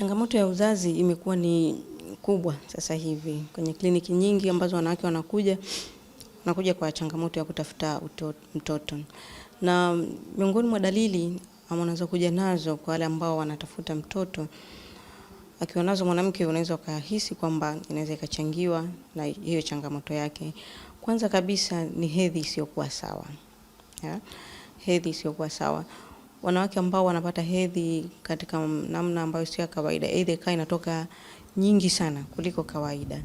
Changamoto ya uzazi imekuwa ni kubwa sasa hivi kwenye kliniki nyingi ambazo wanawake wanakuja wanakuja kwa changamoto ya kutafuta mtoto na miongoni mwa dalili wanazokuja nazo kwa wale ambao wanatafuta mtoto akiwa nazo mwanamke, unaweza ukahisi kwamba inaweza ikachangiwa na hiyo changamoto yake. Kwanza kabisa ni hedhi isiyokuwa sawa ya, hedhi isiyokuwa sawa wanawake ambao wanapata hedhi katika namna ambayo sio ya kawaida, hedhi ikawa inatoka nyingi sana kuliko kawaida.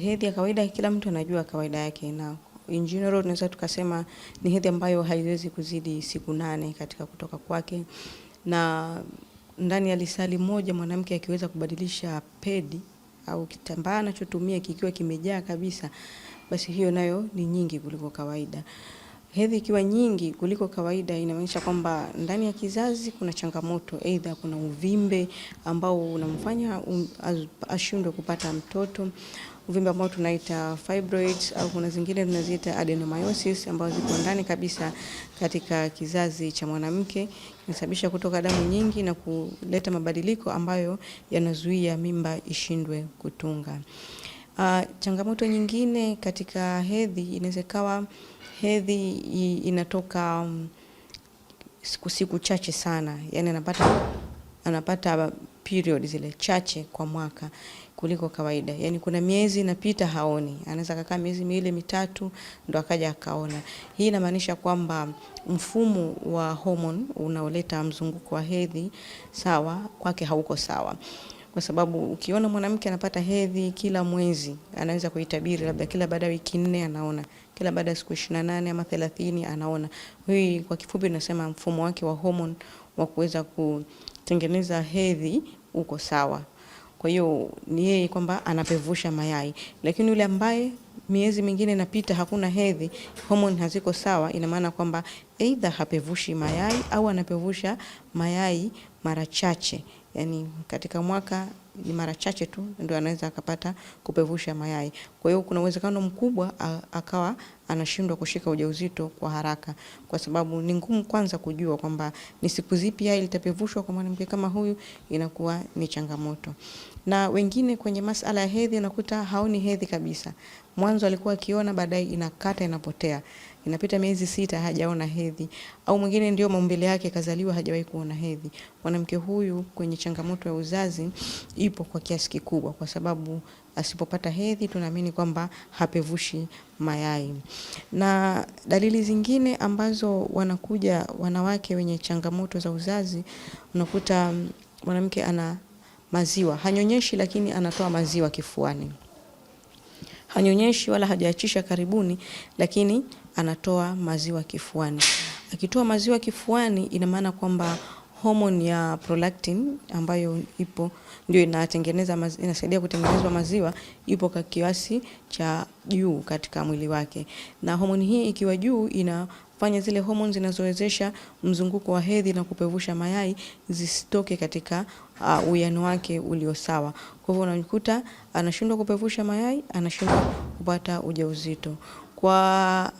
Hedhi ya kawaida kila mtu anajua kawaida yake, na in general tunaweza tukasema ni hedhi ambayo haiwezi kuzidi siku nane katika kutoka kwake, na ndani ya lisali moja mwanamke akiweza kubadilisha pedi au kitambaa anachotumia kikiwa kimejaa kabisa, basi hiyo nayo ni nyingi kuliko kawaida. Hedhi ikiwa nyingi kuliko kawaida inamaanisha kwamba ndani ya kizazi kuna changamoto, aidha kuna uvimbe ambao unamfanya um, ashindwe kupata mtoto, uvimbe ambao tunaita fibroids, au kuna zingine tunaziita adenomyosis ambazo ziko ndani kabisa katika kizazi cha mwanamke, inasababisha kutoka damu nyingi na kuleta mabadiliko ambayo yanazuia mimba ishindwe kutunga. Uh, changamoto nyingine katika hedhi inaweza ikawa hedhi inatoka um, siku siku chache sana, yani anapata anapata period zile chache kwa mwaka kuliko kawaida. Yani kuna miezi inapita haoni, anaweza kakaa miezi miwili mitatu ndo akaja akaona. Hii inamaanisha kwamba mfumo wa homoni unaoleta mzunguko wa hedhi sawa kwake hauko sawa kwa sababu ukiona mwanamke anapata hedhi kila mwezi, anaweza kuitabiri labda kila baada ya wiki nne anaona, kila baada ya siku 28 ama 30 anaona. Hii kwa kifupi tunasema mfumo wake wa hormone wa kuweza kutengeneza hedhi uko sawa. Kwa hiyo ni yeye kwamba anapevusha mayai, lakini yule ambaye miezi mingine inapita hakuna hedhi, homoni haziko sawa, ina maana kwamba aidha hapevushi mayai au anapevusha mayai mara chache, yani katika mwaka ni mara chache tu ndio anaweza akapata kupevusha mayai. Kwa hiyo kuna uwezekano mkubwa akawa anashindwa kushika ujauzito kwa haraka, kwa sababu ni ngumu kwanza kujua kwamba ni siku zipi yai litapevushwa. Kwa mwanamke kama huyu inakuwa ni changamoto. Na wengine kwenye masala ya hedhi, unakuta haoni hedhi kabisa. Mwanzo alikuwa akiona, baadaye inakata, inapotea, inapita miezi sita hajaona hedhi, au mwingine ndio maumbile yake, kazaliwa hajawahi kuona hedhi. Mwanamke huyu kwenye changamoto ya uzazi ipo kwa kiasi kikubwa, kwa sababu asipopata hedhi tunaamini kwamba hapevushi mayai. Na dalili zingine ambazo wanakuja wanawake wenye changamoto za uzazi, unakuta mwanamke ana maziwa hanyonyeshi, lakini anatoa maziwa kifuani, hanyonyeshi wala hajaachisha karibuni, lakini anatoa maziwa kifuani. Akitoa maziwa kifuani, ina maana kwamba homoni ya prolactin ambayo ipo ndio inatengeneza inasaidia kutengenezwa maziwa ipo kwa kiasi cha juu katika mwili wake, na homoni hii ikiwa juu inafanya zile homoni zinazowezesha mzunguko wa hedhi na kupevusha mayai zisitoke katika uh, uwiano uh, wake ulio sawa. Kwa hivyo unakuta anashindwa kupevusha mayai, anashindwa kupata ujauzito kwa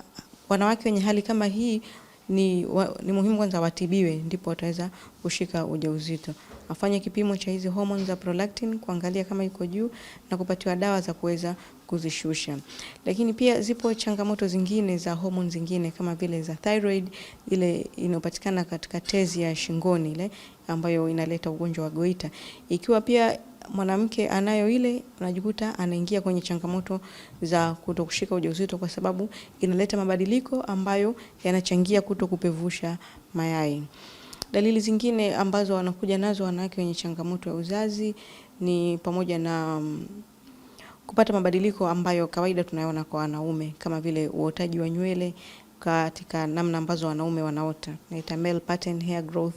wanawake wenye hali kama hii ni, wa, ni muhimu kwanza watibiwe ndipo wataweza kushika ujauzito. Afanye kipimo cha hizi hormones za prolactin kuangalia kama iko juu na kupatiwa dawa za kuweza kuzishusha. Lakini pia zipo changamoto zingine za homoni zingine kama vile za thyroid ile inayopatikana katika tezi ya shingoni ile ambayo inaleta ugonjwa wa goita. Ikiwa pia mwanamke anayo ile, unajikuta anaingia kwenye changamoto za kutokushika ujauzito kwa sababu inaleta mabadiliko ambayo yanachangia kutokupevusha mayai. Dalili zingine ambazo wanakuja nazo wanawake wenye changamoto ya uzazi ni pamoja na mm, kupata mabadiliko ambayo kawaida tunayoona kwa wanaume kama vile uotaji wa nywele katika namna ambazo wanaume wanaota, naita male pattern hair growth.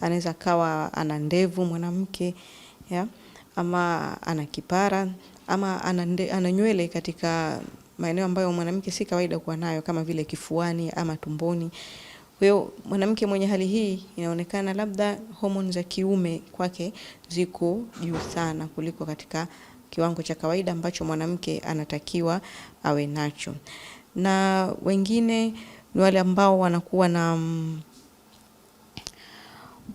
Anaweza kawa ana ndevu mwanamke ya ama ana kipara ama ana nywele katika maeneo ambayo mwanamke si kawaida kuwa nayo kama vile kifuani ama tumboni. Kwa hiyo mwanamke mwenye hali hii inaonekana labda homoni za kiume kwake ziko juu sana kuliko katika kiwango cha kawaida ambacho mwanamke anatakiwa awe nacho. Na wengine ni wale ambao wanakuwa na mm,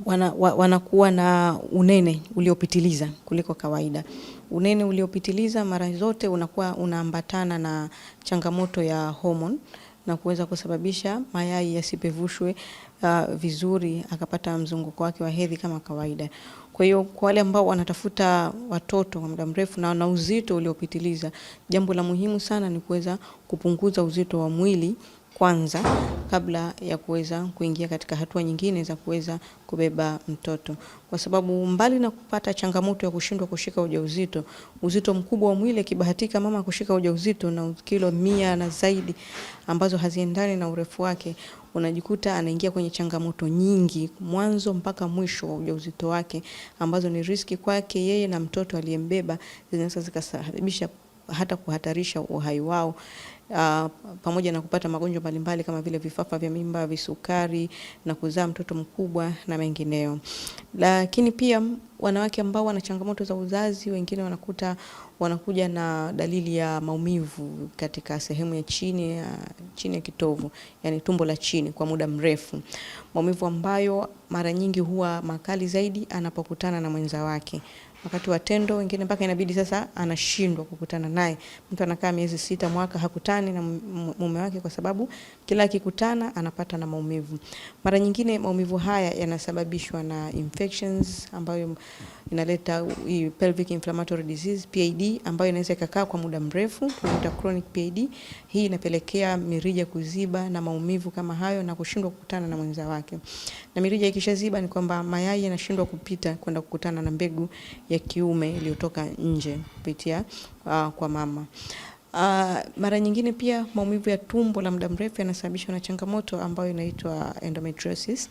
wana, wa, wanakuwa na unene uliopitiliza kuliko kawaida. Unene uliopitiliza mara zote unakuwa unaambatana na changamoto ya homoni na kuweza kusababisha mayai yasipevushwe uh, vizuri akapata mzunguko wake wa hedhi kama kawaida. Kwa hiyo kwa wale ambao wanatafuta watoto kwa muda mrefu na wana uzito uliopitiliza, jambo la muhimu sana ni kuweza kupunguza uzito wa mwili kwanza kabla ya kuweza kuingia katika hatua nyingine za kuweza kubeba mtoto, kwa sababu mbali na kupata changamoto ya kushindwa kushika ujauzito, uzito mkubwa wa mwili akibahatika mama kushika ujauzito na kilo mia na zaidi ambazo haziendani na urefu wake, unajikuta anaingia kwenye changamoto nyingi mwanzo mpaka mwisho wa ujauzito wake, ambazo ni riski kwake yeye na mtoto aliyembeba, zinaweza zikasababisha hata kuhatarisha uhai wao uh, pamoja na kupata magonjwa mbalimbali kama vile vifafa vya mimba, visukari na kuzaa mtoto mkubwa na mengineyo. Lakini pia wanawake ambao wana changamoto za uzazi, wengine wanakuta wanakuja na dalili ya maumivu katika sehemu ya chini ya chini ya kitovu, yani tumbo la chini kwa muda mrefu, maumivu ambayo mara nyingi huwa makali zaidi anapokutana na mwenza wake wakati wa tendo, wengine mpaka inabidi sasa anashindwa kukutana naye. Mtu anakaa miezi sita, mwaka hakutani na mume wake, kwa sababu kila akikutana anapata na maumivu. Mara nyingine maumivu haya yanasababishwa na infections ambayo inaleta hii pelvic inflammatory disease PID, ambayo inaweza ikakaa kwa muda mrefu, tunaita chronic PID. Hii inapelekea mirija kuziba na maumivu kama hayo na kushindwa kukutana na mwenza wake. Na mirija ikishaziba ni kwamba mayai yanashindwa kupita kwenda kukutana na mbegu ya kiume iliyotoka nje kupitia uh, kwa mama. Uh, mara nyingine pia maumivu ya tumbo la muda mrefu yanasababishwa na changamoto ambayo inaitwa endometriosis,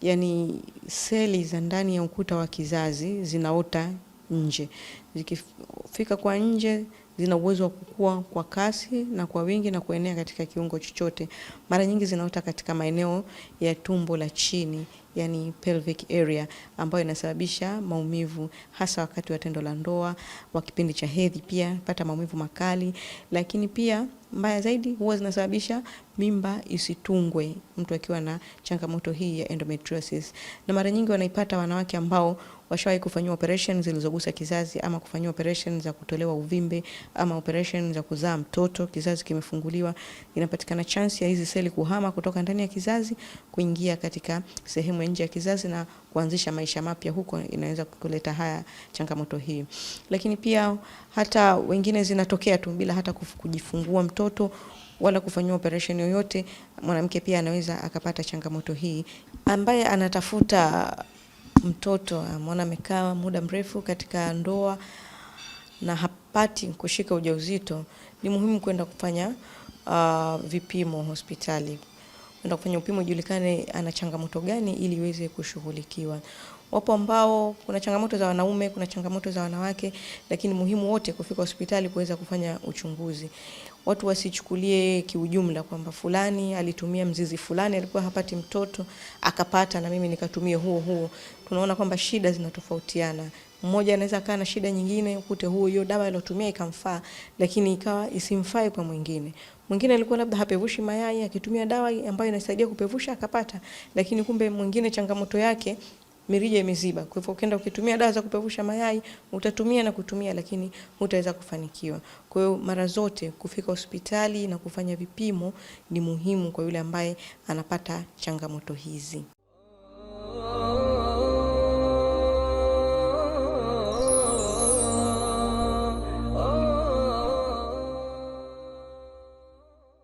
yaani seli za ndani ya ukuta wa kizazi zinaota nje, zikifika kwa nje zina uwezo wa kukua kwa kasi na kwa wingi na kuenea katika kiungo chochote. Mara nyingi zinaota katika maeneo ya tumbo la chini, yani pelvic area, ambayo inasababisha maumivu hasa wakati wa tendo la ndoa, wa kipindi cha hedhi, pia pata maumivu makali, lakini pia mbaya zaidi huwa zinasababisha mimba isitungwe mtu akiwa na changamoto hii ya endometriosis, na mara nyingi wanaipata wanawake ambao washawahi kufanyiwa operation zilizogusa kizazi ama kufanyiwa operation za kutolewa uvimbe ama operation za kuzaa mtoto, kizazi kimefunguliwa, inapatikana chance ya hizi seli kuhama kutoka ndani ya kizazi kuingia katika sehemu nje ya kizazi na kuanzisha maisha mapya huko, inaweza kuleta haya changamoto hii. Lakini pia hata wengine zinatokea tu bila hata kujifungua mtoto wala kufanyiwa operation yoyote. Mwanamke pia anaweza akapata changamoto hii. Ambaye anatafuta mtoto ameona amekaa muda mrefu katika ndoa na hapati kushika ujauzito, ni muhimu kwenda kufanya uh, vipimo hospitali, kwenda kufanya upimo, ijulikane ana changamoto gani, ili iweze kushughulikiwa. Wapo ambao kuna changamoto za wanaume, kuna changamoto za wanawake, lakini muhimu wote kufika hospitali kuweza kufanya uchunguzi. Watu wasichukulie kiujumla kwamba fulani alitumia mzizi fulani, alikuwa hapati mtoto akapata, na mimi nikatumie huo huo. Tunaona kwamba shida zinatofautiana. Mmoja anaweza kaa na shida nyingine, ukute huo hiyo dawa aliyotumia ikamfaa, lakini ikawa isimfai kwa mwingine. Mwingine alikuwa labda hapevushi mayai, akitumia dawa ambayo inasaidia kupevusha akapata, lakini kumbe mwingine changamoto yake mirija imeziba. Kwa hivyo ukienda ukitumia dawa za kupevusha mayai utatumia na kutumia, lakini hutaweza kufanikiwa. Kwa hiyo mara zote kufika hospitali na kufanya vipimo ni muhimu kwa yule ambaye anapata changamoto hizi.